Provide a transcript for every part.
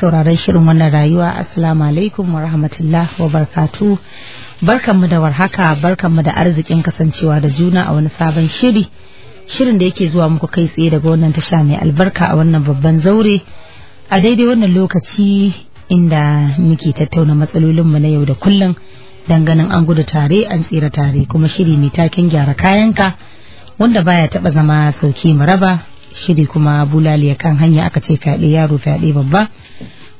sauraron shirin wannan rayuwa assalamu alaikum wa rahmatullah wa barkatu barkanmu da warhaka barkanmu da arzikin kasancewa da juna a wani sabon shiri shirin da yake zuwa muku kai tsaye daga wannan tasha mai albarka a wannan babban zaure a daidai wannan lokaci inda muke tattauna matsalolinmu na yau da kullum danganin an gudu tare an tsira tare kuma shiri mai taken gyara kayanka wanda baya taba zama sauki raba. shiri kuma ya kan hanya aka ce fyaɗe yaro fyaɗe babba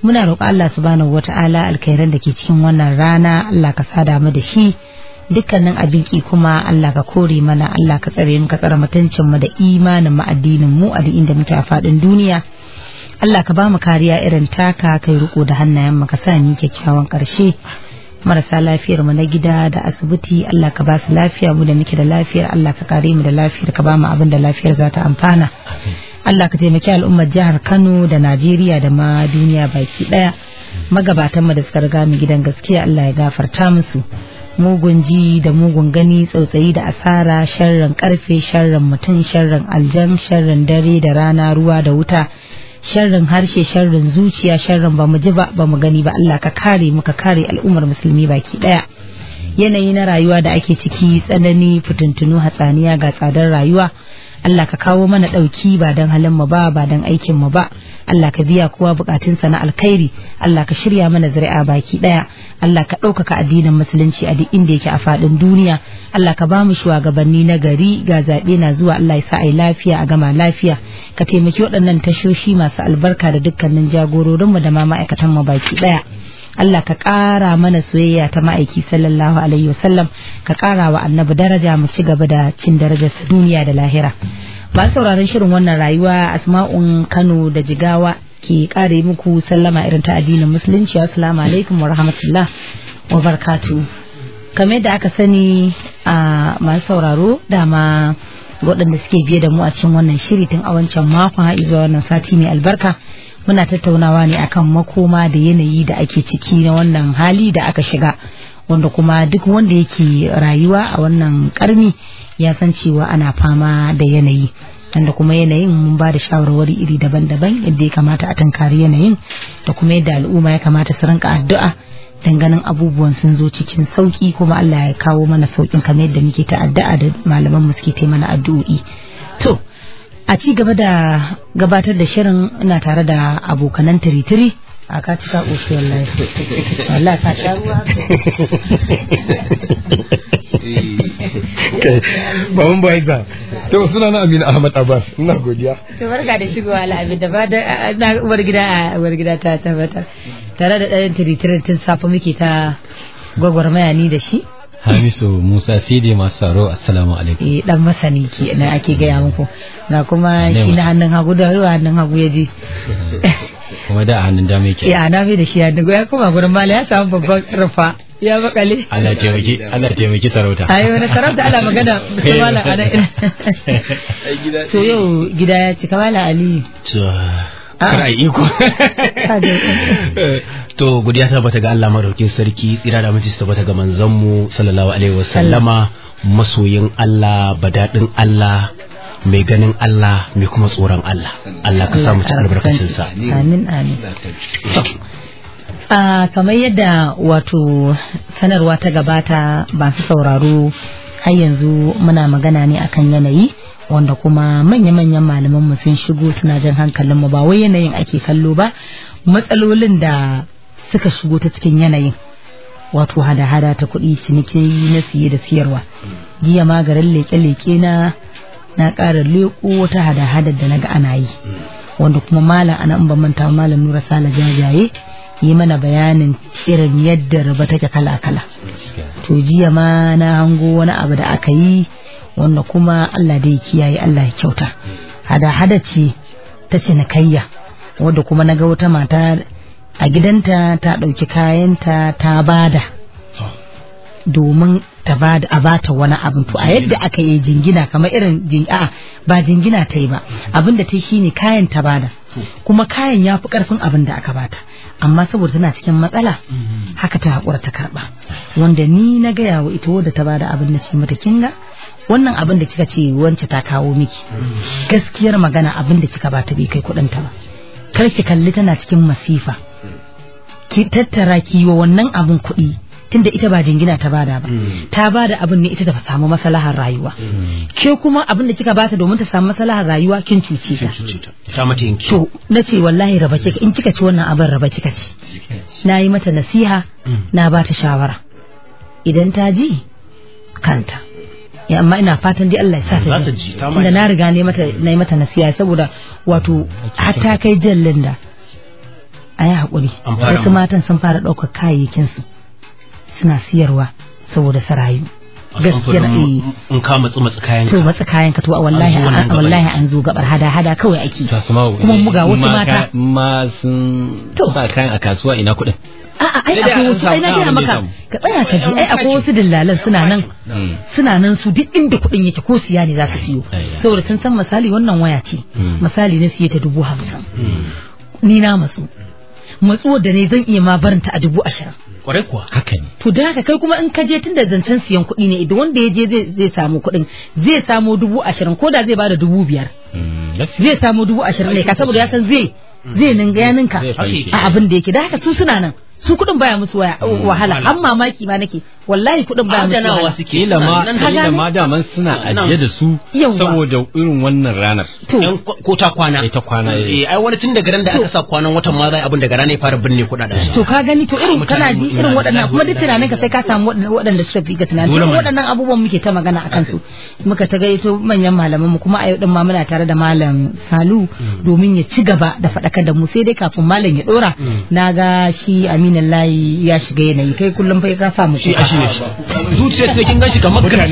muna roƙa Allah subhanahu wata'ala alkhairan da ke cikin wannan rana Allah ka sada mu da shi dukkanin abin ki kuma Allah ka kore mana Allah ka tsare mu ka tsare mutuncin mu da imanin mu addinin mu a duk inda muke a faɗin duniya Allah ka ba mu kariya irin taka kai riko da hannayen mu ka sa ni kyakkyawan ƙarshe marasa lafiyar mu na gida da asibiti Allah ka ba su lafiya mu da muke da lafiyar Allah ka kare mu da lafiyar ka ba mu abin da lafiyar za ta amfana Allah ka taimaki al'ummar jihar Kano da Najeriya da ma duniya baki daya magabatan mu da suka riga mu gidan gaskiya Allah ya gafarta musu mugun ji da mugun gani tsautsayi da asara sharran karfe sharran mutum sharran aljam sharran dare da rana ruwa da wuta sharrin harshe sharrin zuciya sharrin ba mu ji ba ba mu gani ba Allah ka kare mu ka kare al'ummar musulmi baki daya yanayi na rayuwa da ake ciki tsanani fitintunu hatsaniya ga tsadar rayuwa Allah ka kawo mana ɗauki ba don halin mu ba ba don aikin mu ba Allah ka biya kowa bukatun sa na alkhairi Allah ka shirya mana zuri'a baki daya Allah ka ɗaukaka addinin musulunci a duk inda yake a faɗin duniya Allah ka ba mu shugabanni na gari ga zaɓe na zuwa Allah ya sa yi lafiya a gama lafiya ka taimaki waɗannan tashoshi masu albarka da dukkanin jagororinmu da ma ma'aikatanmu baki ɗaya. Allah ka ƙara mana soyayya ta ma'aiki sallallahu alaihi wasallam ka ƙara wa annabi daraja mu ci gaba da cin darajarsa duniya da lahira masu sauraron shirin wannan rayuwa asma'un kano da jigawa ke kare muku sallama irin ta addinin musulunci assalamu alaikum wa rahmatullah wa barkatu kamar da aka sani a masu sauraro dama waɗanda suke biye da mu a cikin wannan shiri tun a wancan makon zuwa wannan sati mai albarka muna tattaunawa ne akan makoma da yanayi da ake ciki na wannan hali da aka shiga wanda kuma duk wanda yake rayuwa a wannan karni ya san cewa ana fama da yanayi wanda kuma yanayin mun ba da shawarwari iri daban-daban yadda ya kamata a tankari yanayin da kuma yadda al'umma ya kamata su rinka addu'a ganin abubuwan sun zo cikin sauki kuma Allah ya kawo mana saukin kamar yadda muke ta addu'a da malaman mu suke taimana addu'o'i to a ci gaba da gabatar da shirin ina tare da abokanan tiritiri a ka cika ƙoshiyar lafi wallah ka sha ruwa baban bayiza to suna na amina ahmad abbas ina godiya to barka da shigowa al'abin da ba da na uwar gida a uwar gida ta tabbatar tare da ɗayan tiritirin tun safa muke ta gwagwarmaya ni da shi Hamisu Musa Sidi masu tsaro assalamu alaikum. Eh dan masani ke na ake gaya muku. Ga kuma shi na hannun hagu da ruwa hannun hagu ya je. Kuma da hannun dama yake. Ya na mai da shi hannun ya kuma gurin mala ya samu babban rufa. Ya bakale. Allah taimaki Allah taimaki sarauta. Ai wani sarauta Allah magana mala ana ina. To yau gida ya ci kamala Ali. To. Ah. Kar ai iko. to godiya ta bata ga Allah madaukin sarki tsira da mace ta bata ga manzon mu sallallahu alaihi wasallama masoyin Allah badadin Allah mai ganin Allah mai kuma tsoron Allah Allah ka samu cikin albarkacin sa amin amin Ah kamar yadda wato sanarwa ta gabata ba su sauraro har yanzu muna magana ne akan yanayi wanda kuma manya-manyan malaman mu sun shigo suna jan hankalin mu ba wai yanayin ake kallo ba matsalolin da suka shigo ta cikin yanayin wato hada-hada ta kuɗi ciniki na siye da siyarwa jiya ma garin leke-leke na na ƙara leko wata hada-hada da na ga ana yi wanda kuma malam ana in manta malam nura sala jajaye yi mana bayanin irin yadda raba take kala-kala to jiya ma na hango wani abu da aka yi wanda kuma Allah da ya kiyaye Allah ya kyauta hada-hada ce ta cinikayya wadda kuma na wata mata a gidanta ta ɗauki kayanta ta bada domin ta bada a bata wani abin to a yadda aka yi jingina kamar irin a ba jingina ta yi ba abinda da ta shine kayan ta bada kuma kayan ya fi karfin abin da aka bata amma saboda tana cikin matsala mm-hmm. haka ta haƙura ta karɓa wanda ni na gaya wa ita wadda ta bada abin da ce mata kinga wannan abin da kika ce wance ta kawo miki mm-hmm. gaskiyar magana abin da kika bata bai kai kuɗin ta ba kar ki kalli tana cikin masifa ki tattara ki wa wannan abun kuɗi tunda ita ba jingina ta bada ba mm. ta bada abin ne ita da samu masalahar rayuwa mm. ke kuma abin da kika bata domin ta samu masalahar rayuwa kin cuce ta ta mata yanki to nace wallahi raba kika in kika ci wannan abin raba kika ci nayi mata nasiha mm. na bata shawara idan ta ji kanta ya amma ina fatan dai Allah ya sa ta ji tunda na riga ne mata na mata nasiha saboda wato hatta kai jallin da a yi haƙuri wasu matan sun fara ɗaukar kayayyakinsu suna siyarwa saboda sarayu gaskiya eh. in ka matsu matsu kayan to matsu kayan ka to a wallahi a wallahi an zo gabar hada hada kawai ake kuma mu ga eh, wasu mata ma sun sa kayan a kasuwa ina kuɗin a'a ai akwai wasu ai na gina maka ka tsaya ka ji ai akwai wasu dillalan suna nan hmm. suna nan su duk inda kuɗin yake ko siya ne za su siyo saboda sun san misali wannan waya ce hmm. misali ne siye ta dubu hamsin hmm. ni na matsu matsuwar da ne zan iya ma barin ta a dubu ashirin kwarai kuwa haka ne to da haka kai kuma in ka je tun da zancen siyan kuɗi ne idan wanda ya je zai samu kuɗin zai samu dubu ashirin ko da zai bada dubu biyar hmm, zai samu dubu ashirin ne ka saboda ya san zai zai hmm. ninga ya ninka a abin da yake da haka su suna nan su kuɗin baya musu hmm. wahala an mamaki ma nake wallahi kuɗin ba mu adanawa suke kila ma kila ma daman suna ajiye da su saboda irin wannan ranar to ko ta kwana ita ta kwana eh. eh ai wani tun daga ran da aka sa kwanan watan ma zai abin daga rana ya fara binne kuɗaɗen to ka gani to irin kana ji irin waɗannan kuma duk tunanin ka sai ka samu waɗanda suka fi ga tunanin waɗannan abubuwan muke ta magana akan su muka ta gaito manyan malaman mu kuma a yau din ma muna tare da malam Salu hmm. domin ya ci gaba da faɗakar da mu sai dai kafin malam ya dora hmm. na ga shi Aminu Layi ya shiga yanayi kai kullum fa ka samu shi shi ne zuciyar ce kin gashi kamar gaske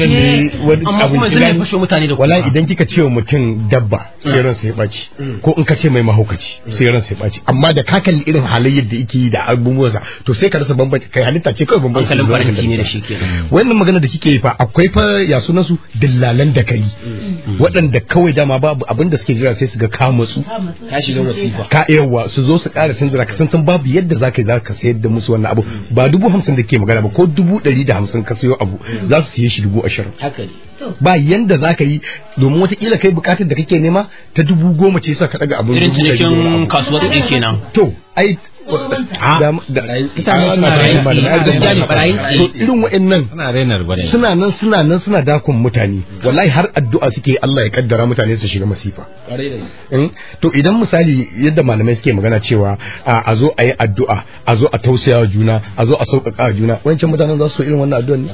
amma kuma zai fashe mutane da wala idan kika ce mutum dabba sai mm. ran sai baci mm. ko in ka ce mai mahaukaci mm. sai ran sai baci amma da ka kalli irin halayyar da yake yi da abubuwansa to sai ka rasa bambanci kai halitta ce kawai bambanci kalin faranki ne da shi ke. wannan magana da kike yi fa akwai fa ya sunan su dillalan da kai waɗanda kawai dama babu abin da suke jira sai su ga kama su ka shiga wasifa ka yawa su zo su ƙara sun jira ka san babu yadda zaka yi zaka sayar da musu wannan abu ba dubu hamsin da ke magana ba ko dubu ɗari ɗari da hamsin ka sayo abu mm. za su siye shi dubu ashirin ba yanda za ka yi domin watakila kai bukatar da kake nema ta dubu goma ce sa ka ɗaga abin dubu da kasuwar kenan to ai irin wa'annan suna nan suna nan suna dakon mutane wallahi har addu'a suke Allah ya kaddara mutane su shiga masifa to idan misali yadda malamai suke magana cewa a zo a yi addu'a a zo a tausaya wa juna a zo a sauƙaƙa juna wancan mutanen za su so irin wannan addu'a ne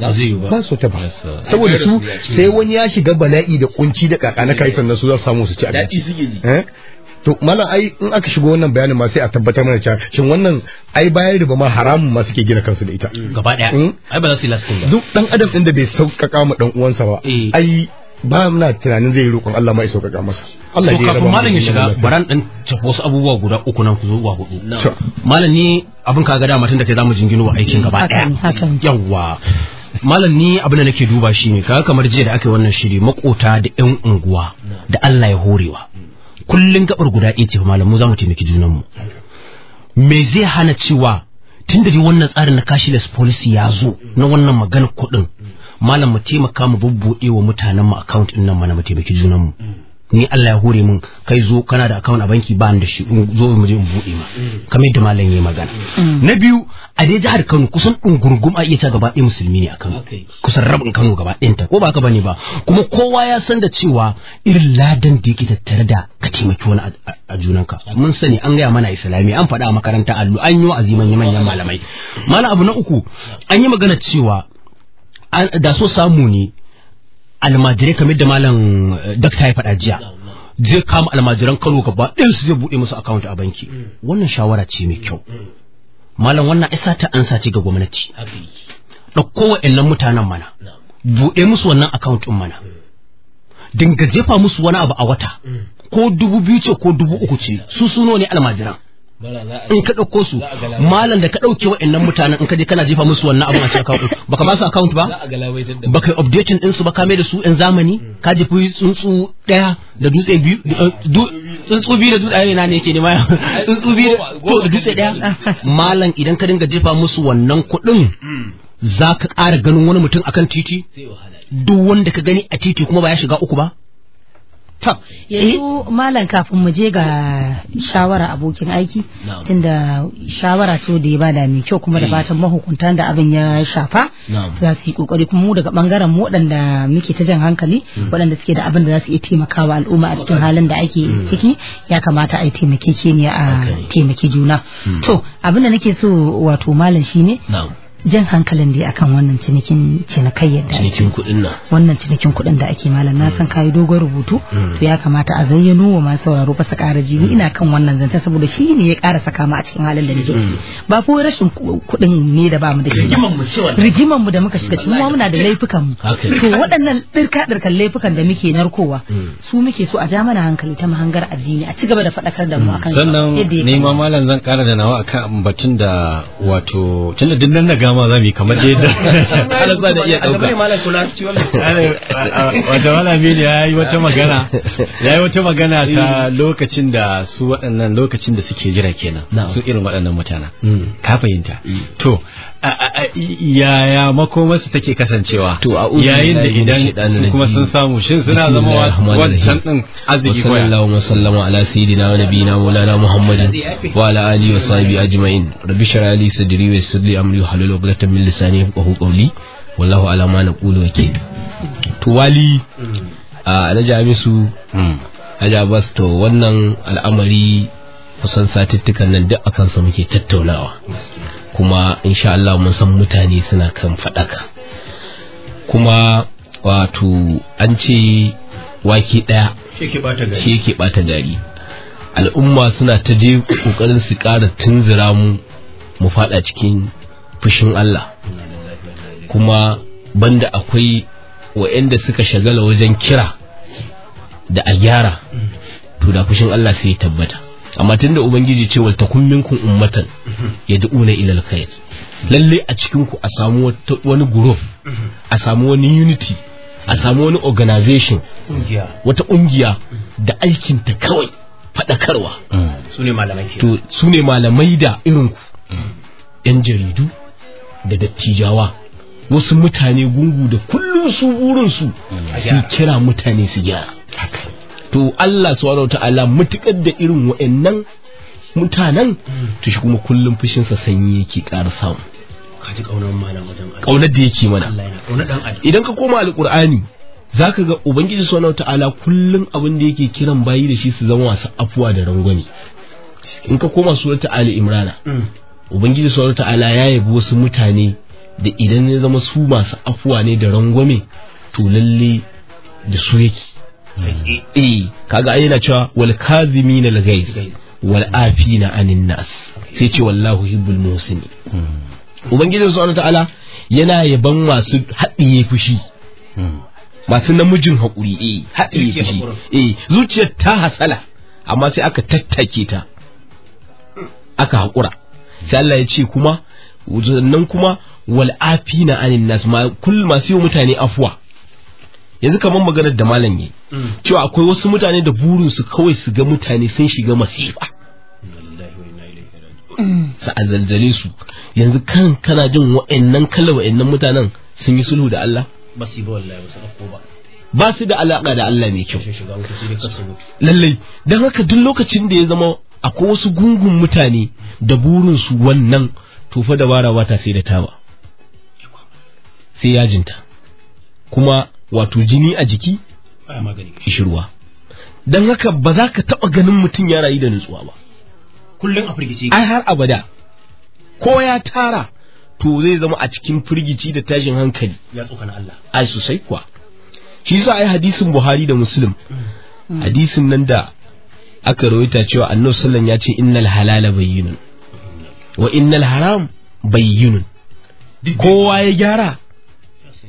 ba su ta ba saboda su sai wani ya shiga bala'i da kunci da kaka na kai sannan su za su samu su ci abinci to mala ai in aka shigo wannan bayanin ma sai a tabbatar mana cewa shin wannan ai bayan riba ma haramun ma suke gina kansu da ita mm. gaba daya mm? ai ba za su yi lasting ba duk dan adam din da bai sauƙaƙa ma dan uwansa ba eh. ai ba muna tunanin zai yi roƙon Allah mai ga masa Allah ya raba malam ya shiga baran dan tafi wasu abubuwa guda uku nan wa hudu malam ni abin ka ga da matan da kai zamu jingino wa aikin gaba daya yawa malam ni abin da nake duba shine kaga kamar jiya da aka yi wannan shiri makota da yan unguwa da Allah ya horewa kullun gabar guda ɗaya ce fa malam mu za mu taimaki junan mu me zai hana cewa tun da wannan tsarin na cashless policy ya zo na wannan magana kuɗin malam mu taimaka mu bubbuɗe wa mutanen mu account ɗin nan mana mu taimaki junan mu ni Allah ya hore mun kai zo kana da account a banki ba da shi zo mu je mu buɗe ma kamar yadda malam yayi magana mm. na biyu a dai jihar Kano kusan dungurgum a iya ta gaba ɗaya musulmi ne a Kano kusan rabin Kano gaba ɗayanta ko ba ka bane ba kuma kowa ya san da cewa irin ladan da yake tattare da ka taimaki wani a junanka mun sani an gaya mana islami an faɗa a makaranta allo an yi wa aziman manyan malamai malam abu na uku an yi magana cewa da so samu ne almajirai kamar da malam eh, dakta ya faɗa jiya zai kama almajiran Kano gaba ɗayan su zai buɗe musu account a banki mm. wannan shawara ce mai kyau mm. malam wannan isa ta ansa ce ga gwamnati ɗauko wa'annan mutanen mana buɗe musu wannan account ɗin mana hmm. dinga jefa musu wani abu a wata hmm. ko dubu biyu ce ko dubu uku ce su suno ne almajiran in ka ɗauko su malam da ka ɗauke wa'annan mutanen in ka je kana jefa musu wannan abin a cikin account baka ba su account ba baka updating din su ba ka mai da su in zamani mm. ka jefi tsuntsu ɗaya da dutse biyu tsuntsu biyu da dutse na ne yake ne ma tsuntsu biyu da dutse ɗaya malam idan ka dinga jefa musu wannan kuɗin mm. za ka ƙara ganin wani mutum akan titi duk wanda ka gani a titi kuma ba ya shiga uku ba yanzu eh. malam kafin mu je ga shawara abokin aiki tunda shawara ce da ya bada mai kyau kuma da eh. fatan mahukuntan da abin ya shafa za su yi kokari kuma mu daga bangaren mu waɗanda muke ta jan hankali hmm. waɗanda suke da abin da za su iya taimakawa al'umma a cikin halin da ake hmm. ciki ya kamata a yi taimakekeniya a taimaki juna hmm. to abin da nake so wato malam shine jan hankalin da akan wannan cinikin cinikayyar da cinikin kuɗin nan wannan cinikin kuɗin da ake malam na san kai dogon rubutu hmm. to ya kamata a zayyano wa masu sauraro fa su ƙara jini hmm. ina kan wannan zance saboda shi ne ya ƙara saka mu a cikin halin da nake hmm. ba ko rashin kuɗin ne da ba mu da shi rigiman mu da muka shiga cikin muna da laifukan mu to waɗannan dirka dirkan laifukan da muke narkowa su muke so a ja mana hankali ta mahangar addini a cigaba da faɗakar da mu akan sannan ne ma malam zan ƙara da nawa akan batun da wato tunda dindin na ma za mu yi kamar yadda halasta da iya ɗauka wata malami ya yi wata magana ya yi wata magana ta eh. lokacin da su waɗannan lokacin da suke jira kenan su irin waɗannan mutanen mm. ka fahimta mm. to yaya makomarsu take kasancewa yayin da idan su kuma sun samu shin suna zama wancan din arziki koya sallallahu wa sallama ala sayidina wa nabiyina maulana muhammadin wa ala alihi wa sahbi ajma'in rabbi shara li sadri wa yassir li amri wa halul uqdatan min lisani yafqahu qawli wallahu ala ma naqulu wakil to wali a Na Jamisu. Hmm. alhaji abbas to wannan al'amari kusan satittukan nan duk akan sa muke tattaunawa kuma insha Allah mun san mutane suna kan faɗaka kuma wato an ce waki ɗaya shi yake ɓata gari al'umma suna ta je ƙoƙarin su ƙara tunzura mu mu faɗa cikin fushin Allah kuma banda akwai wa'yanda suka shagala wajen kira da a gyara to da fushin Allah sai ya tabbata amma da ubangiji ce wal takun minkum ummatan yad'una ila alkhair lalle a cikin ku a samu wani group a samu wani unity a samu wani organization wata kungiya da aikin ta kawai fadakarwa mm. sune malamai to sune malamai da irin ku yan jaridu da dattijawa wasu mutane gungu da kullum su burinsu su mm. kira mutane su gyara to Allah subhanahu ta'ala mutukar da irin wa'annan mutanen to shi kuma kullum sa sanyi yake ƙara samu kaji kaunar malam wajen Allah kaunar da yake mana idan ka koma alqur'ani zaka ga ubangiji subhanahu ta'ala kullum abin da yake kiran bayi da shi su zama wasu afuwa da rangwame in ka koma surata ali imrana mm. ubangiji subhanahu ta'ala ya yabi wasu mutane da idan ya zama su masu afuwa ne da rangwame to lalle da su yake e kaga ai yana cewa wal kazimin al ghaiz wal afina anin nas sai ce wallahu hibbul musini hmm. ubangiji subhanahu ta'ala yana yaban masu haɗiye fushi hmm. masu namijin hakuri. eh haɗiye fushi eh zuciyar ta hasala amma sai aka tattake ta aka haƙura sai Allah ya ce kuma nan kuma wal afina anin nas kul masu yi mutane afuwa yanzu kamar maganar da malam yi mm. cewa akwai wasu mutane da burinsu kawai su ga mutane sun shiga masifa mm. sa a zalzale su yanzu kan kana jin wa'annan kala wa'annan mutanen sun yi sulhu da Allah ba su ba wallahi ba su da alaka da Allah mai kyau lallai don haka duk lokacin da ya zama akwai wasu gungun mutane da burin su wannan tofa da bara ta sai da tawa sai yajinta kuma wato jini a jiki kishirwa don haka ba za ka taɓa ganin mutum ya rayu da nutsuwa ba kullum a firgici ai har abada ko ya tara to zai zama a cikin firgici da tashin hankali ya tsokana Allah ai sosai kuwa shi yasa ai hadisin Buhari da Muslim mm. hadisin nan da aka rawaita cewa Annabi sallallahu ya ce innal halala bayyinun wa innal haram bayyinun kowa ya gyara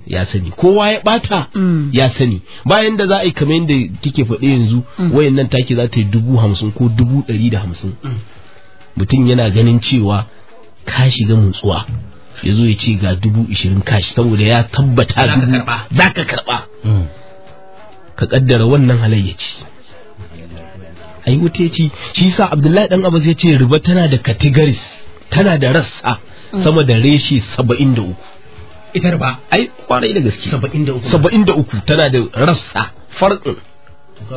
ya sani kowa ya bata mm. ya sani bayan da za a yi kamar yadda kike faɗi yanzu mm. Wayan nan take za ta yi dubu hamsin ko dubu ɗari da hamsin mm. mutum yana ganin cewa ka shiga mutsuwa ya zo ya ce ga dubu ishirin kashi saboda ya tabbata dubu za ka karɓa ka kaddara wannan halayyaci ai wuta ya ce shi sa abdullahi dan abbas ya ce riba tana da categories tana da rassa sama da reshe saba'in da uku ita ba ai kwarai da gaske 73 tana da rassa farkin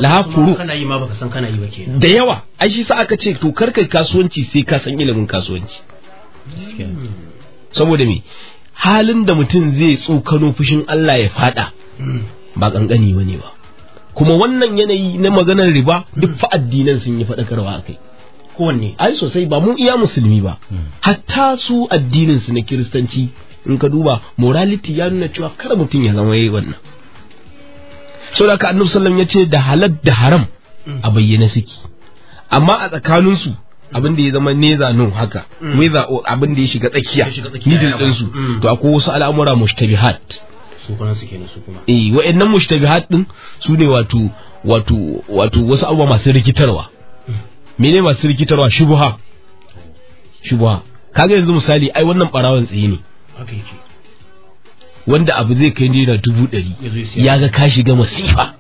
laha kana yi ma baka san kana yi ba kenan da yawa ai shi sa aka ce to karkai kasuwanci sai ka san ilimin kasuwanci hmm. saboda me halin da mutum zai tsokano fushin Allah ya fada hmm. ba kankani bane ba kuma wannan yanayi na maganar riba hmm. duk fa addinan sun yi fadakarwa akai kowanne ai sosai ba mu iya musulmi ba hatta su addinin su na kiristanci in ka duba morality ya nuna cewa kar mutum ya zama yayi wannan saboda ka annabi sallam ya ce da halal da haram a bayyana suke amma a tsakanin su abin da ya zama neza nun haka weza mm. abin da ya shiga tsakiya da din su to akwai wasu al'amura mushtabihat su kuma suke ne su kuma eh wa'annan mushtabihat din su ne wato wato wato wasu abubuwa masu rikitarwa mene masu rikitarwa Shubuha. shubuha kaga yanzu misali ai wannan barawan tsaye ne wanda abu zai kai naira dubu ɗari ya ga ka shiga masifa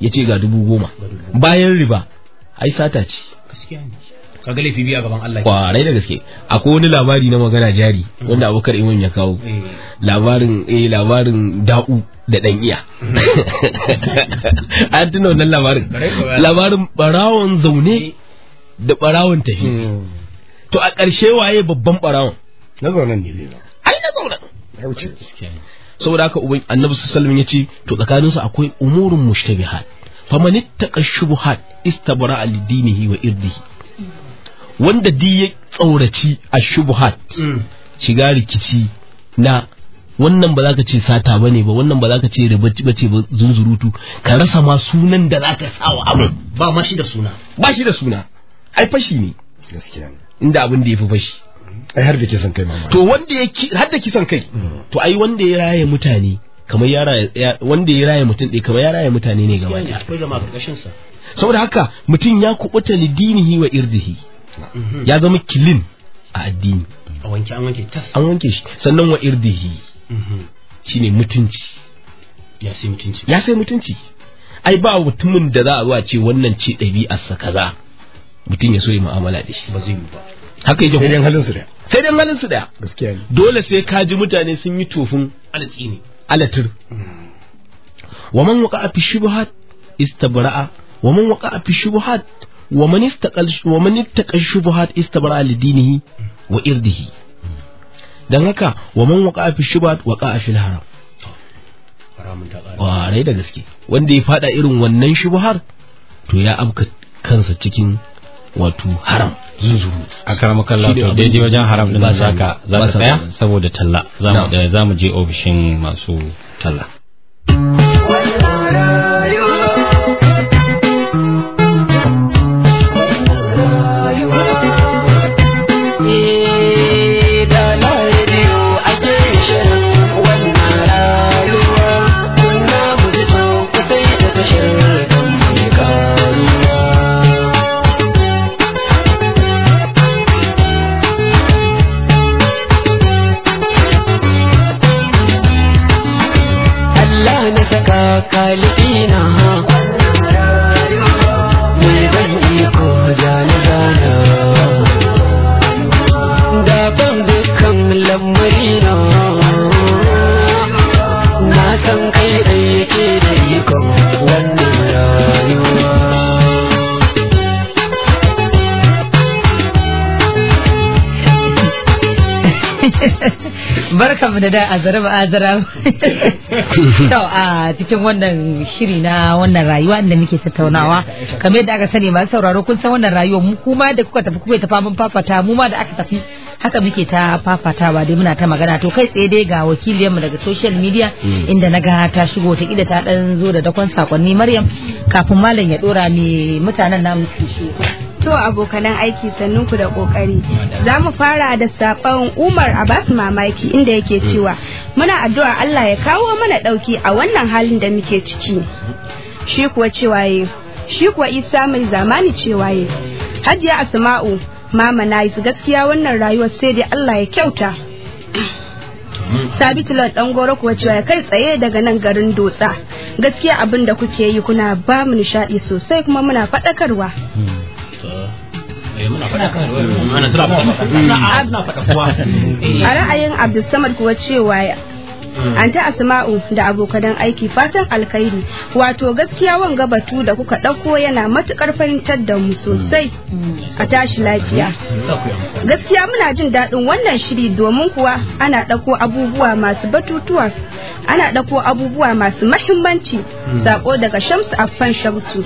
ya ce ga dubu goma bayan riba ai sata ce kaga laifi biya gaban Allah kwarai da gaske akwai wani labari na magana jari wanda abokar imam ya kawo eh. labarin eh labarin da'u da dan iya an tuna wannan labarin labarin barawon zaune eh. da barawon tafi hmm. to a ƙarshe waye babban barawon na ne ya wuce saboda haka uban annabi sallallahu alaihi wasallam yace to su akwai umurun mushtabihat faman ittaqa shubuhat istabara al dinihi wa irdihi wanda di ya tsauraci ashubuhat mm. shiga rikici na wannan ba za ka ce sata bane ba wannan ba za ka ce riba ba ce ba zunzurutu ka rasa ma sunan da za ka sawa abu ba ma shi da suna ba shi da suna ai fashi ne gaskiya inda abin da ya fi fashi ai har da kisan kai mama to wanda ya har da kisan kai mm. to ai wanda ya raye mutane kamar ya raye wanda ya raye mutum ɗaya kamar ya raye mutane ne gaba ɗaya akwai zama ƙarƙashin sa saboda haka mutum ya kubuta li wa irdihi mhm. ya zama kilin a addini a wanke an wanke tas an wanke shi sannan wa irdihi mhm. shine mutunci ya sai mutunci ya sai mutunci ai ba mutumin da za a zuwa ce wannan ce ɗabi'arsa kaza mutum ya so ya mu'amala da shi ba zai yi ba haka yake sai halin su da sai dan halin su da gaskiya ne dole sai ka ji mutane sun yi tofin alatsi ne alatir wa man waqa fi shubuhat istabra'a wa man waqa fi shubuhat wa man istaqal wa man ittaqa shubuhat istabra'a li dinihi wa irdihi dan haka wa man waqa fi shubuhat waqa'a fil haram ƙwarai da gaske wanda ya fada irin wannan shubuhar to ya amka kansa cikin wato haram zuzuru a karamakan da je wajen haram din za ka za ka tsaya saboda talla za mu je ofishin masu talla barka mu da da azara ba azara to a cikin wannan shiri na wannan rayuwa da muke tattaunawa kamar yadda aka sani masu sauraro kun san wannan rayuwa mu kuma da kuka tafi kuka tafa mun fafata mu ma da aka tafi haka muke ta fafatawa dai muna ta magana to kai tsaye dai ga wakiliyar mu daga social media hmm. inda na ga ta shigo ta kida ta dan zo da dakon sakonni Maryam kafin malam ya dora me mutanen namu su To abokanan aiki sannun ku da kokari. Za mu fara da sakon Umar Abbas mamaki inda yake hmm. cewa muna addu'a Allah ya kawo mana ɗauki a wannan halin da muke ciki. Shi kuwa cewa shi kuwa Isa mai zamani cewa Hajiya Asma'u mama na yi gaskiya wannan rayuwar sai dai Allah ya kyauta. Hmm. Sabitu dan goro kuwa cewa kai tsaye daga nan garin Dotsa. Gaskiya abin da kuke yi kuna ba mu nishaɗi sosai kuma muna faɗakarwa. Hmm. Eh, muna mm. faɗa kuwa a ra'ayin Abdulsamad kuwa cewa mm. an ta asma'u da abokan aiki fatan alkhairi wato gaskiya wanga batu da kuka ɗauko yana matukar fahimtar da mu sosai mm. a tashi lafiya gaskiya muna jin daɗin wannan shiri domin kuwa ana ɗauko abubuwa masu batutuwa ana ɗauko abubuwa masu mahimmanci sako daga shamsu affan shamsu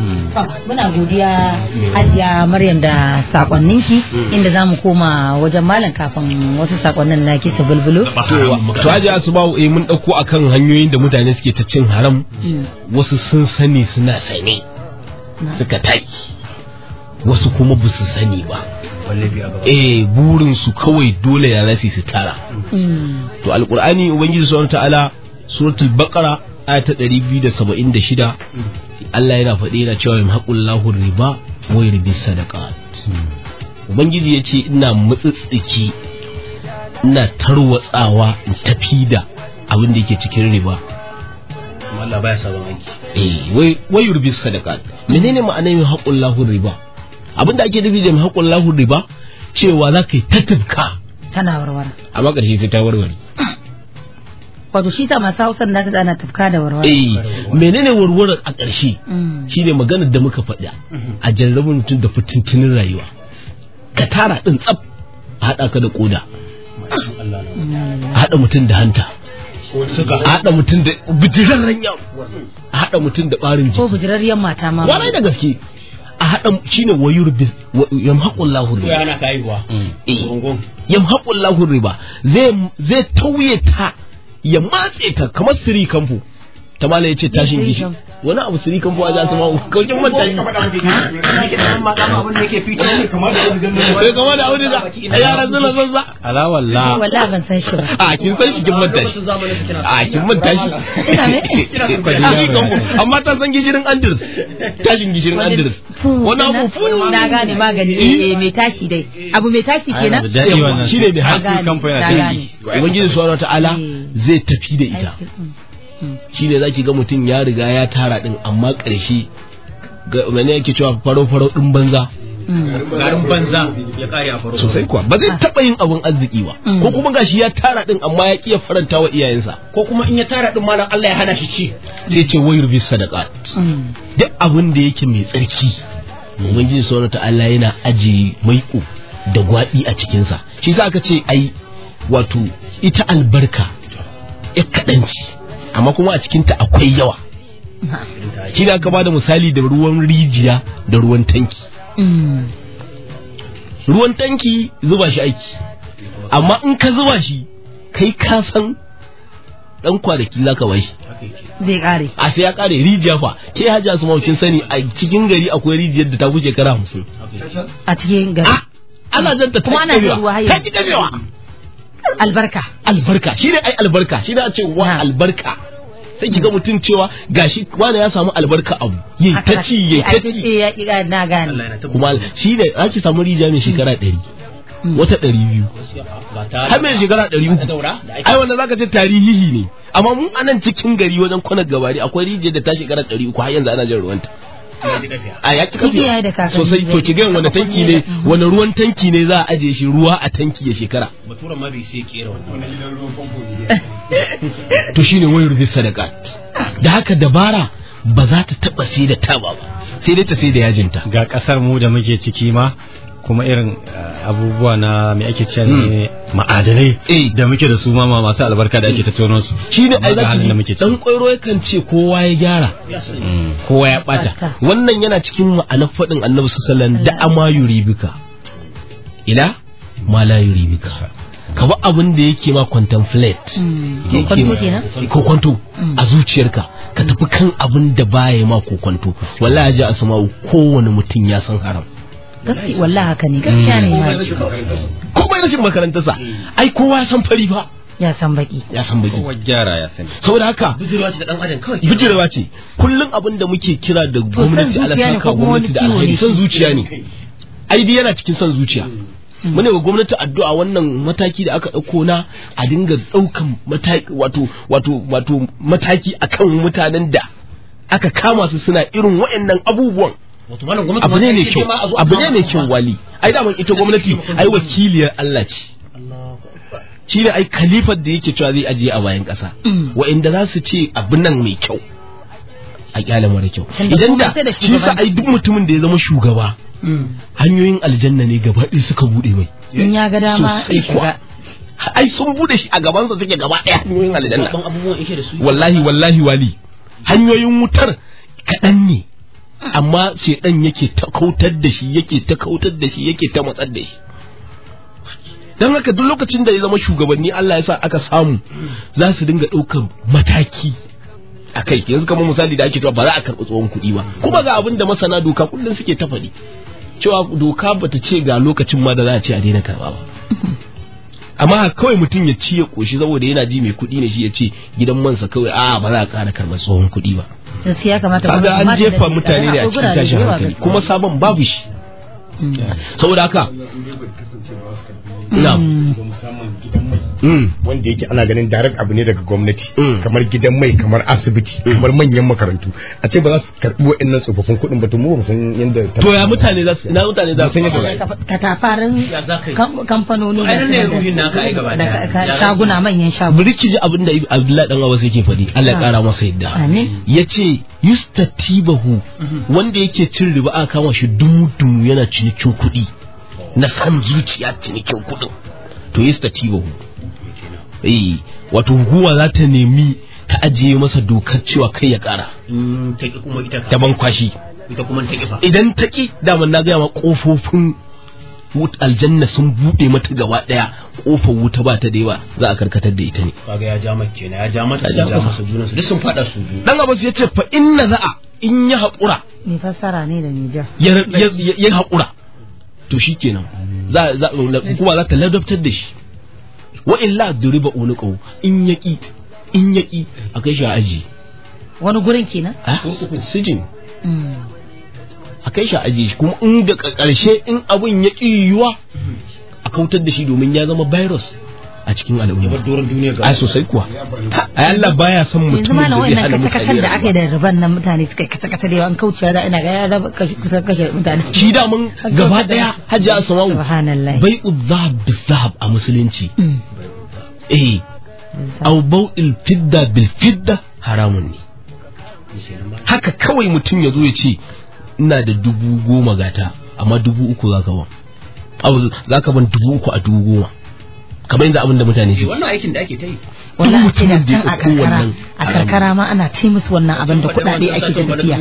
Mm. muna godiya mm. hajiya maryam da sakonninki mm. inda zamu koma wajen malam kafin wasu sakonnin na kisa bulbulu to hajiya su ba eh, mun dauko akan hanyoyin da mutane suke ta cin haram wasu sun sani suna sani suka tai wasu kuma ba su sani ba eh burin su kawai dole ya zasu su tara to alqur'ani ubangiji subhanahu ta'ala suratul baqara aya ta 276 Allah yana faɗi yana cewa lahun riba wa yurbi sadaka. ubangiji yace ina mutsitsiki ina tarwatsawa in tafi da abin da yake cikin riba Allah baya sabon aiki eh wai wai yurbi sadaqat menene ma'anar lahun riba abin da ake nufi da lahun riba cewa ka yi tattafka. Tana warware amma ƙarshe sai ta warware wato shi ta masu hausan da ka ana tafka da warware. eh menene warwara a ƙarshe mm. shine maganar da muka faɗa a jarrabin mutum da fitintinin rayuwa ka tara din tsaf a haɗa ka da koda a haɗa mutum da hanta a haɗa mutum da bijirarren yau a haɗa mutum da ɓarin jiki ko bijirarren mata ma wani da gaske a haɗa shine wayur bis yamhaqullahu riba Yam kaiwa mm. eh. yamhaqullahu riba zai zai tauye ta ya matse ta kamar siri kamfu ta mala yace tashin gishi wani abu siri kan buwa za su mawa kaucin mata tashi kai kama da audi za a yara zula zan za ala walla walla ban san shi ba a kin san shi kin man tashi a kin man tashi amma ta san gishirin andres tashin gishirin andres wani abu fu na gane magani eh, eh mai tashi dai abu mai tashi kenan shi ne mai hasu kamfani a kan tashi ubangiji subhanahu wataala eh. zai tafi da ita mm. Shi shine zaki ga mutum ya riga ya tara din amma ƙarshe mene yake cewa faro faro din banza garin banza ya kare a faro sosai kuwa ba zai taba yin abun arziki ba mm. ko kuma gashi ya tara din amma ya ki ya faranta wa iyayensa ko kuma in ya tara din malam Allah ya hana shi ci sai ce wai rubi sadaka mm. duk abin da yake mai tsarki ubangiji ta Allah yana ajiye maiƙo da gwaɗi a cikinsa shi sa aka ce ai wato ita albarka ya kaɗanci amma kuma a cikinta akwai yawa shi da aka bada misali da ruwan rijiya da ruwan tanki mm. ruwan tanki zuba shi aiki amma in ka zuba shi kai ka san dan kwanaki zaka ba shi zai kare a sai ya kare rijiya fa ke hajja su maukin sani a cikin gari akwai rijiyar da ta fi kara hamsin. a cikin gari ah, ana zanta kuma ana ruwa ta ci albarka albarka shi ne ai albarka shi ne a ce wa albarka sai ki ga mutum cewa gashi wani ya samu albarka abu yayi ta ci yayi ta ci eh, ya kira na gane kuma shi ne ci samu rija mai shekara 100 mm. wata 200 har mai shekara 300 ai wanda zaka ce tarihihi ne amma mun anan cikin gari wajen kwanar gabari akwai rijiyar da ta shekara 300 har yanzu ana jin ruwanta a ya ci kafiya sosai to ki gan wani tanki ne mm-hmm. wani ruwan tanki ne za a ajiye shi ruwa a tanki ya shekara matura ma bai sai kera wannan to shine wayar bi sadaka. da haka dabara ba za ta taba sai da taba ba sai dai ta sai da yajinta ga kasar mu da muke ciki ma kuma irin eh, abubuwa na mai ake cewa ne hmm. ma'adanai eh. da muke da su mama masu albarka da ake ta tono su shi ne ai zaki muke dan koiro yakan ce kowa ya gyara hmm. kowa ya bata wannan yana cikin ma'anar fadin Annabi sallallahu alaihi wasallam da ama yuribika ila ma la yuribika ka ba abin da yake ma contemplate hmm. ko kwanto a zuciyarka ka tafi kan abin da baya ma ko kwanto wallahi ji asma'u kowane mutum ya san haram gaskiya wallahi haka ne gaskiya ne ma komai rashin makarantarsa mm. ai kowa ya san fari fa ya san baki ya san baki kowa gyara ya san. saboda haka bijirwa ce da dan adam kawai bijirwa ce kullun abin da muke kira da gwamnati Allah saka gwamnati da alheri san zuciya ne ai dai yana cikin san zuciya mm. mune wa gwamnati addu'a wannan mataki da aka ɗauko na a dinga ɗaukan mataki wato wato wato mataki akan mutanen da aka kama su suna irin waɗannan abubuwan abu ne mai kyau abu ne mai kyau wali ai daman ita gwamnati ai wakiliyar Allah ce shi ne ai kalifar da yake cewa zai ajiye a bayan kasa mm. wa'inda za su ce abu nan mai kyau a kyale mara kyau idan da shi sa ai duk mutumin da ya zama shugaba mm. hanyoyin aljanna ne gaba ɗaya suka buɗe mai in ya ga dama ai sun bude shi a gabansa suke gaba ɗaya hanyoyin aljanna wallahi wallahi wali hanyoyin wutar kaɗan ne amma shedan yake ta kautar da shi yake ta kautar da shi yake ta matsar da shi don haka duk lokacin da ya zama shugabanni Allah ya sa aka samu za su dinga ɗaukar mataki a kai yanzu kamar misali da ake cewa ba za a karɓi tsohon kuɗi ba kuma ga abin da masana doka kullum suke ta faɗi cewa doka bata ce ga lokacin ma da za a ce a daina karɓa ba amma kawai mutum ya ci ya koshi saboda yana ji mai kuɗi ne shi ya ce gidan mansa kawai a ba za a ƙara karɓar tsohon kuɗi ba kaga an jefa mutane ne a cikin tashin hankali kuma sabon babu shi saboda haka hmm. wanda yake ana ganin direct abu ne daga gwamnati hmm. kamar gidan mai kamar asibiti hmm. kamar manyan makarantu a ce ba za su karbi wa'annan tsofaffin kuɗin ba to mu ba san yadda to ya mutane za su na mutane za su katafarin kamfanoni da ne ruhin naka ai gaba shaguna manyan shaguna bari ki ji abin da Abdullahi dan Awas yake faɗi Allah ya kara masa yadda yace yustatibahu mhm. wanda yake cin riba a kama shi dumu yana cinikin kuɗi na san zuciya cinikin kuɗin to yustatibahu eh wato hukuma za ta nemi ta ajiye masa dokar cewa kai ya ƙara mm, ta ban kwashi ita kuma ta idan ta ki daman na gaya ma kofofin aljanna sun buɗe mata gaba daya kofar wuta ba ta da za a karkatar da ita ne kaga ya ja mata kenan ya ja mata ya ja masa junan su duk sun fada su biyu dan ya yace fa inna za'a in ya hakura. in fassara ne da Nijar ya hakura to shikenan za za kuma za ta ladabtar da shi wa illa duriba unuqo in yaki in yaki a kai shi a aji wani gurin kenan ah, sijin hmm. a kai shi a ajiye shi kuma in da ƙarshe in abun ya ƙi yiwuwa a kautar da shi domin ya zama virus a cikin al'umma a sosai kuwa a Allah baya son mutum da zai hana mutane da aka yi da riban nan mutane suka kace kace da yawan kaucewa da ina ga ya raba kusan kashe mutane shi da mun gaba daya hajji asma'u subhanallahi bai'u dhahab bizahab a musulunci mm. eh au bau'il fidda bil fidda haramun ne haka kawai mutum ya zo ya ce ina da dubu goma gata amma dubu uku za ka ban abu za ka ban dubu uku a dubu goma kamar za abin da mutane shi wannan aikin da ake ta yi wannan a da a karkara a karkara ma ana ce musu wannan abin da kuɗaɗe ake ta tafiya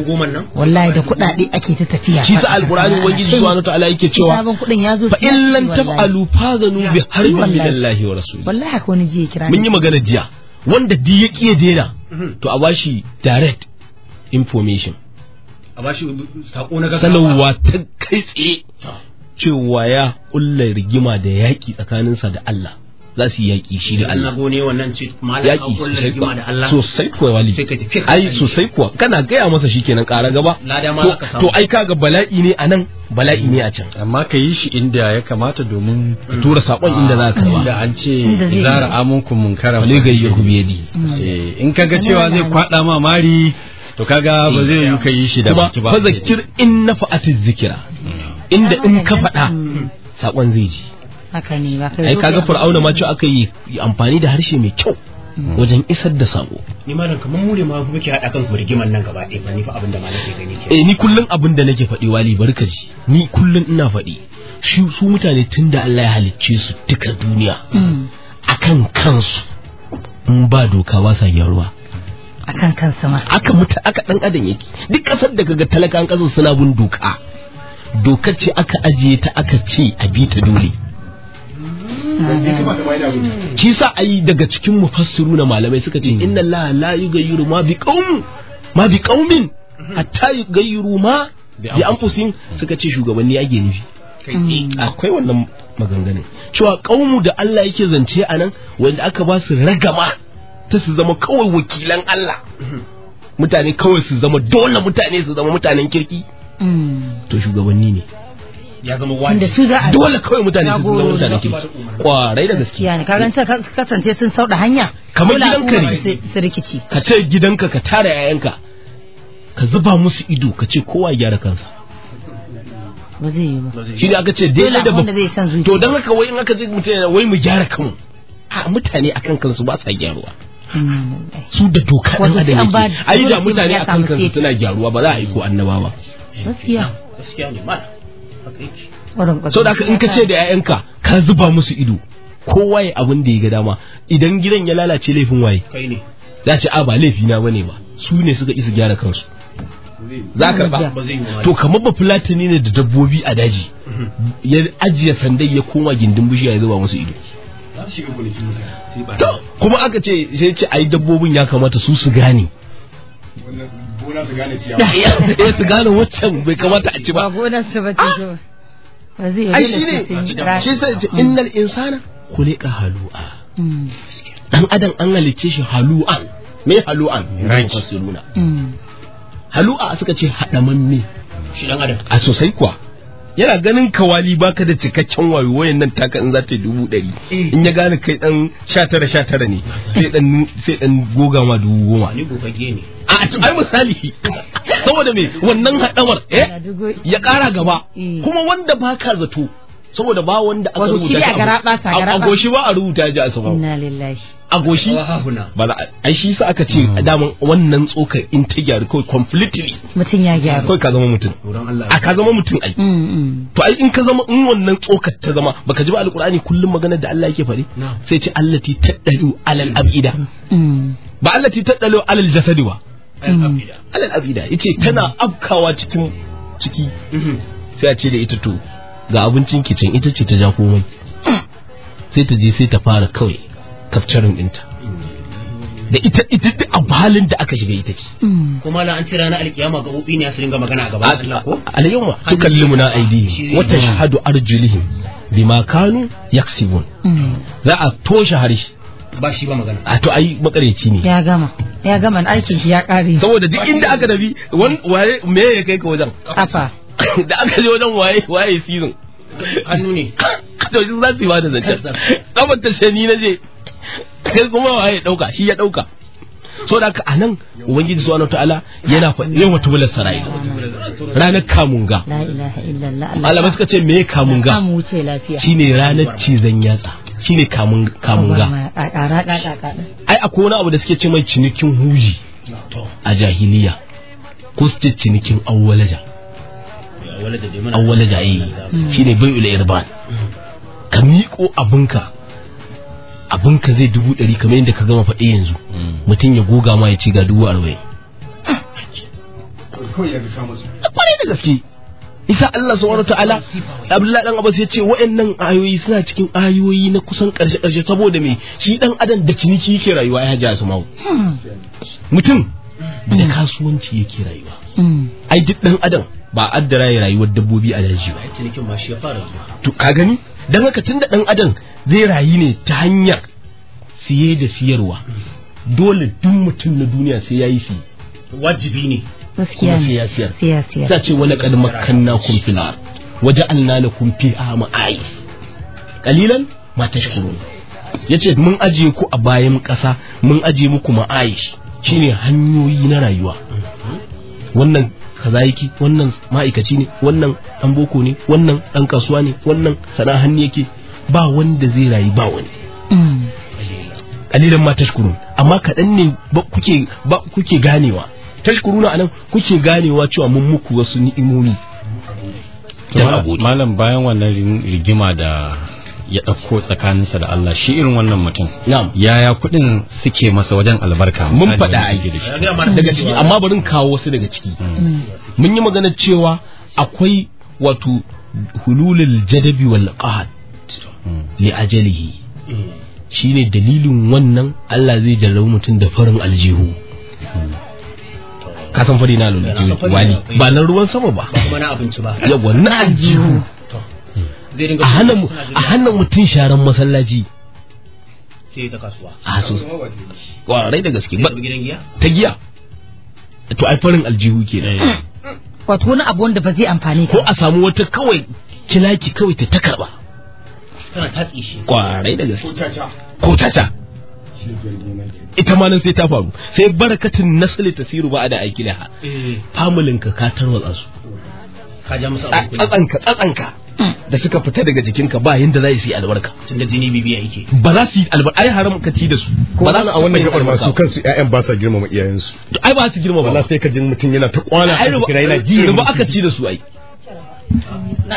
wallahi da kuɗaɗe ake ta tafiya shi sa alqur'ani zuwa na ta'ala yake cewa sabon kudin ya zo fa in taf'alu fazanu bi harbin minallahi wa rasuli wallahi haka wani jiya kira mun yi magana jiya wanda biyu ya kiye daina mhm. to a bashi direct information a bashi sako na gaggawa sanarwa ta kai tsaye cewa ya kulla rigima da yaƙi tsakaninsa da Allah za su yi yaƙi shi da Allah ne wannan ce yaƙi sosai kuwa sosai kuwa wali ai sosai kuwa kana gaya masa shi kenan ƙara gaba to ai kaga bala'i ne a nan bala'i ne a can amma ka yi shi inda ya kamata domin mm. tura sakon inda za ka ba da an ce zara amunkum munkara wale gayyar ku biyadi eh, in kaga cewa zai kwada ma mari to kaga ba zai yi ka yi shi da baki ba fazakir in na fa'ati zikira inda in ka faɗa sakon zai ji haka ne ba kai kaga fir'auna ma ce aka yi amfani da harshe mai kyau mm. wajen isar da sako ni malam kamar mu ne ma ku ke hada kanku rigiman nan gaba ɗaya ba ni fa abin da malaka ke gani ke eh ni kullun abin da nake faɗi wali barka ji ni kullun ina faɗi shi su mutane tunda Allah ya halicce su duka duniya mm. akan kansu in ba doka ba sa gyaruwa akan kansa ma aka mutu aka dan adam yake duk kasar da kaga talakan kasar suna bin doka dokar ce aka ajiye ta aka ce a bi ta dole shi sa ai daga cikin mufassiru na malamai suka ce inna allaha la yughayyiru ma bi qaum ma bi qaumin hatta yughayyiru ma bi anfusin suka ce shugabanni ake nufi mm. akwai wannan maganganun cewa qaumu da Allah yake zance a nan wanda aka ba su ragama ta su zama kawai wakilan Allah mutane kawai su zama dole mutane su zama mutanen kirki mm. to shugabanni ne ya zama wani su za a dole kawai mutane su zama mutanen kirki kwarai da gaskiya ne kagan sai kasance sun sauda hanya kamar gidanka ne su rikici ka ce gidanka ka tara yayanka ka zuba musu ido ka ce kowa gyara kansa ba zai yi ba shi ne aka ce daidai da ba to dan haka wai in aka ce mutane wai mu gyara kanmu ah. a mutane akan kansu ba sa gyaruwa Mm. su da doka ɗan adam yake ai da mutane a kan kansu suna gyaruwa ba za a yi ko annabawa gaskiya gaskiya ne ma so da in ka ce da 'ya'yanka ka zuba musu ido kowa ya abin da ya ga dama idan gidan ya lalace laifin waye kai ne za ce a ba laifi na bane ba su ne suka isa gyara kansu za ka ba to kamar ba fulatani ne da dabbobi a daji mhm. ya ajiye sandai ya koma gindin bishiya ya zuba musu ido To kuma aka ce sai ce ai dabbobin ya kamata su su gane gona su gane ciyawa eh su gane waccan bai kamata a ci ba gonar su ba ce ah! ai shi ne shi sai ce innal insana kulika halu'a hmm. dan adam an halicce shi halu'an me halu'an fasiruna halu'a suka ce hadamamme shi dan adam a sosai kuwa yana ganin kawali baka da cikakken wayo wayan nan taka in za ta yi dubu ɗari eh. in ya gane kai dan sha tara sha tara ne sai dan goga ma dubu goma ni gogage ne a ai misali saboda me wannan hadawar eh, ya kara gaba eh. kuma wanda baka zato saboda ba wanda aka rubuta shi a garaba sa garaba a goshi ba a rubuta ji a sama inna lillahi a goshi ba a shi sa aka ce hmm. daman wannan tsokar in ta gyaru kawai completely mutum ya gyaru kawai ka zama mutum a ka zama mutum ai mm, mm. to ai in ka zama in wannan tsokar ta zama baka ji ba alqur'ani kullum maganar da Allah yake fare sai ce allati taddalu alal abida mm. ba allati taddalu alal jasadi ba alal abida yace tana afkawa cikin ciki mm-hmm. sai a ce da ita to ga abincin kicin ita ce ta ja komai sai ta je sai ta fara kawai kafcarin dinta. da ita ita duk a halin da aka shiga ita ce kuma la an ci ranar alkiyama ga ubi ne su ringa magana a gaban Allah ko alyawma tukallimu na aidihi wa tashhadu arjulihim bima kanu yaksibun za a toshe harshe ba shi ba magana a to ai makareci ne ya gama ya gama aikin shi ya kare saboda duk inda aka tafi wani me ya kai ka wajen afa da aka je wajen waye waye season hannu ne to shi za su yi da zancen kamar ta shani na je sai kuma waye ya dauka shi ya dauka so da a nan ubangiji zuwa na ta'ala yana faɗi yawan tubular sarai ranar kamunga malamai suka ce meye kamunga shine ranar cizon yatsa shine kamunga ai akwai wani abu da suke ce mai cinikin huji a jahiliya ko su ce cinikin awwalaja shi ne shine bai'ul irban ka miƙo abinka abinka zai dubu ɗari kamar yadda ka gama faɗi yanzu mutum ya goga ma ya ci ga dubu arba'in kwarai da gaske isa Allah subhanahu ta'ala Abdullahi dan Abbas ya ce wa'annan ayoyi suna cikin ayoyi na kusan karshe karshe saboda me shi dan adam da ciniki yake rayuwa ya haja su mawu mutum da hmm. kasuwanci yake rayuwa hmm. ai duk dan adam ba addara ya rayuwar dabbobi a daji ba cinikin ma shi ya fara to ka gani dan haka tun da dan adam zai rayu ne ta hanyar siye da siyarwa hmm. dole duk mutum na duniya sai yayi siye wajibi ne gaskiya ne Siya siyasiyar sace wala kad makkanna kum fil ard waja'alna lakum fiha ma'ayis Kalilan ma tashkurun yace mun ajiye ku a bayan ƙasa mun ajiye muku ma'aishi shine hanyoyi na rayuwa wannan kaza yake wannan ma'aikaci ne wannan dan boko ne wannan dan kasuwa ne wannan sana hannu yake ba wanda zai rayu ba wani kalilan ma tashkurun amma kaɗan ne kuke ba kuke ganewa tashkuru na anan kuke ganewa cewa mun muku wasu ni'imomi malam bayan wannan rigima da ya ɗauko tsakaninsa da Allah shi irin wannan mutum yaya kuɗin suke masa wajen albarka mun faɗa a daga ciki amma bari kawo su daga ciki hmm. mun yi magana cewa akwai wato hululul jadabi wal qahad hmm. li ajalihi hmm. shine dalilin wannan Allah zai jarrabu mutum da farin aljihu ka san fadi na lulun wani ba na ruwan sama ba kuma na abinci ba yawa na aljihu a hana mutum sharan masallaci sai ta kasuwa a kwarai da gaske ta giya to ai farin aljihu ke da mm. wato wani abu wanda ba zai amfani ka ko a samu wata kawai kilaki kawai ta ta karba tana tatsi shi kwarai da gaske ko caca ko caca ita ma nan sai ta faru sai barakatin nasali tasiru ba da aiki da ha eh. familin ka ka tarwatsa su ka ja musu abu tsatsanka tsatsanka da suka fita daga jikinka ba da za su yi albarka tunda jini bibiya yake ba za su yi albarka ai haram ka ci da su ba za su a wannan gabar masu kansu ƴaƴan ba sa girmama iyayensu ai ba su girmama ba sai ka jin mutum yana ta kwana a jikina yana ji ba aka ci da su ai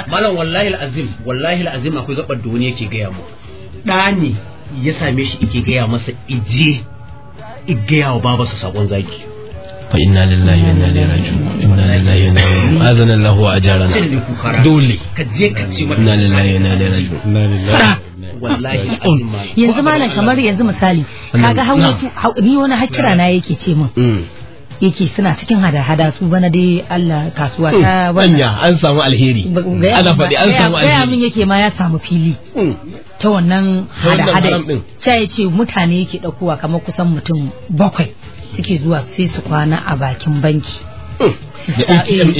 malam wallahi azim wallahi azim akwai gabar da wani yake gaya mu Dani ne ya same shi yake gaya masa ije igaya wa babarsa sakon zagi fa inna lillahi wa inna ilaihi raji'un inna lillahi wa inna ilaihi azana Allah wa ajarana dole ka je ka ce mata inna lillahi wa inna ilaihi raji'un inna lillahi wallahi yanzu malam kamar yanzu misali kaga hawa ni wani hakira na yake ce min mm. yake suna cikin hada-hada su bana dai Allah kasuwa mm. ta wannan an samu alheri ana faɗi an samu alheri ya min yake ma ya samu fili mm. ta wannan hada-hada ce mutane yake ɗaukowa kamar kusan mutum bakwai suke zuwa sai su kwana a bakin banki hmm.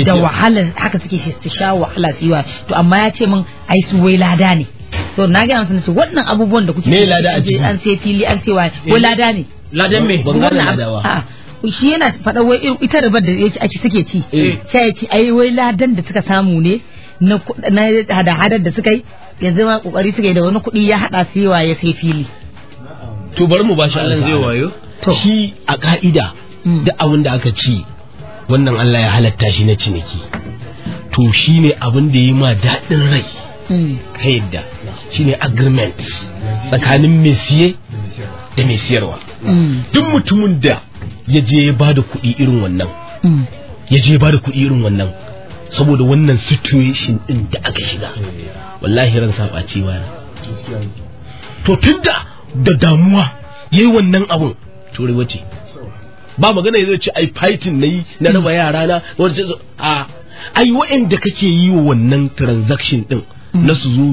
da eh, wahala haka suke shi su sha wahala su yi wa to amma ya ce min ai su wai lada ne so na gaya masu nace wannan abubuwan da kuke me lada a an sai fili an sai wai eh. wai lada ne ladan me ban ladawa ah, shi yana faɗa wai ita ribar da yake ake suke ci sai eh. ya ci ai wai ladan da suka samu ne na hada hadar da suka yi yanzu ma kokari suka yi da wani kuɗi ya hada su yawa ya sai fili to bari mu shi Allah zai wayo shi a ka'ida mm. da abin da aka ci wannan Allah ya halatta shi na ciniki to shi ne abin da ya ma daɗin rai mm. ka yadda shi ne agreement tsakanin mai siye da mai siyarwa mm. duk mutumin da ya je ya bada kuɗi irin wannan ya je ba da kuɗi irin wannan saboda wannan situation ɗin da aka shiga wallahi ran saɓacewa to tun da da damuwa yayi wannan abun Ture wace ba magana ya zai ce ai fighting na yi na hmm. raba yara na a ai wa'anda kake yi wa wannan transaction din hmm. na su zo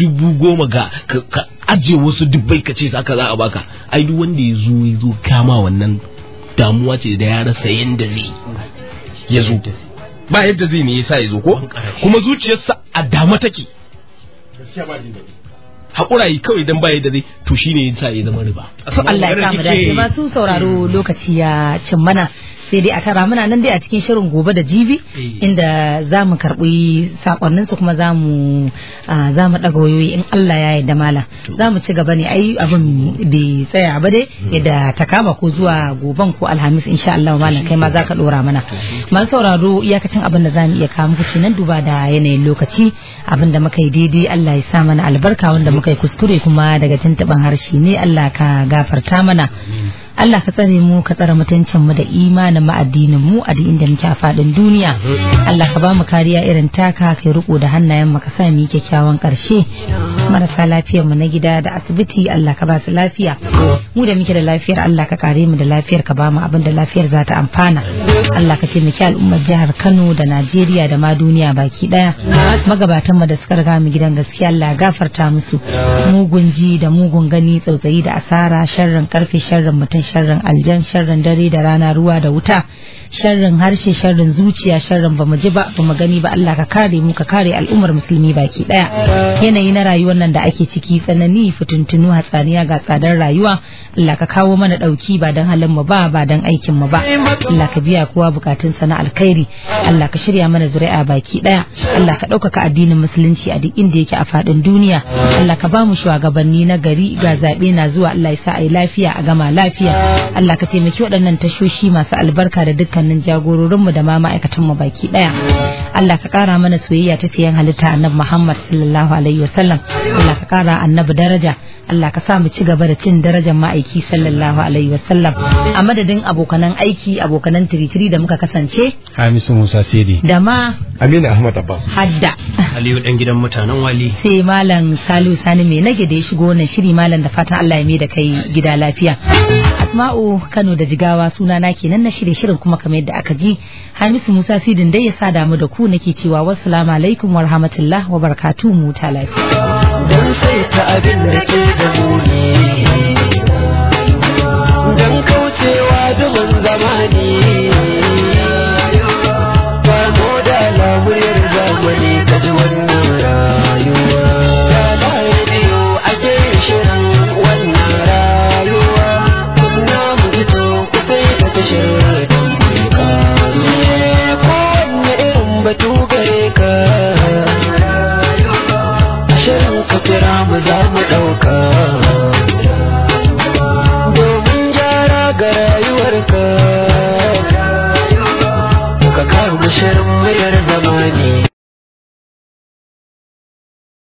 dubu goma ga ka ajiye wasu dubbai ka ce za ka za a baka ai duk wanda ya zo ya zo kama wannan damuwa ce da ya rasa yadda zai ya zo ba yadda zai ne ya sa ya zo ko kuma zuciyarsa a dama take haƙura yi kawai dan baya da zai to shine yasa ya zama riba to Allah ya sa dace masu sauraro lokaci ya cin mana sai dai a tara muna nan dai a cikin shirin gobe da jibi eh. inda za mu karɓi sakonnin su kuma za mu ɗaga wayoyi in Allah ya yarda mala za mu ci gaba ne ai abin bai tsaya ba dai hmm. yadda ta kama ko zuwa goben ko alhamis in sha Allah malam kai ma za ka ɗora mana masu sauraro iyakacin abin da za mu iya kawo muku nan duba da yanayin lokaci abin da muka yi daidai Allah ya sa mana albarka wanda muka yi kuskure kuma daga tuntuɓin harshe ne Allah ka gafarta mana Allah ka tsare mu ka tsare mutuncin mu da imanin mu addinin mu a inda muke a fadin duniya Allah ka ba mu kariya irin taka kai riko da hannayen mu ka sa mu kyakkyawan karshe marasa lafiyar mu na gida da asibiti Allah ka ba su lafiya mu da muke da lafiyar Allah ka kare mu da lafiyar ka ba mu abin da lafiyar za ta amfana Allah ka taimaki al'ummar jihar Kano da Najeriya da ma duniya baki daya magabatan mu da suka riga mu gidan gaskiya Allah gafarta musu mugunji da mugun gani tsautsayi da asara sharrin karfe sharrin mutum sharrin aljan sharrin dare da rana ruwa da wuta sharrin harshe sharrin zuciya sharrin mu ji ba ba mu gani ba Allah ka kare mu ka kare al'ummar musulmi baki daya yanayi na rayuwar nan da ake ciki tsanani fitintunu hatsaniya ga tsadar rayuwa Allah ka kawo mana dauki ba dan halin mu ba ba dan aikin mu ba Allah ka biya kowa bukatun sana alkhairi Allah ka shirya mana zuri'a baki daya Allah ka ɗaukaka addinin musulunci a duk inda yake a fadin duniya Allah ka ba mu shugabanni na gari ga zaɓe na zuwa Allah ya sa a yi lafiya a gama lafiya Allah ka taimaki waɗannan tashoshi masu albarka da dukkan dukkanin jagororinmu da ma ma'aikatanmu baki daya Allah ka kara mana soyayya ta fiyan halitta annabi Muhammad sallallahu alaihi wasallam Allah ka kara annabi daraja Allah ka sa mu ci gaba da cin darajar ma'aiki sallallahu alaihi wasallam a madadin abokanan aiki abokanan tiritiri da muka kasance Hamisu Musa Sidi da ma Aminu Ahmad Abbas hadda Aliyu dan gidan mutanen wali sai malam Salu Sani mai nage da ya shigo wannan shiri malam da fatan Allah ya mai da kai gida lafiya Asma'u Kano da Jigawa suna na kenan na shirye shirin kuma kamar yadda aka ji hamisu musa sidin dai ya sa damu da ku nake cewa wassalamu alaikum wa rahmatullah wa barakatuhu mu ta lafiya come.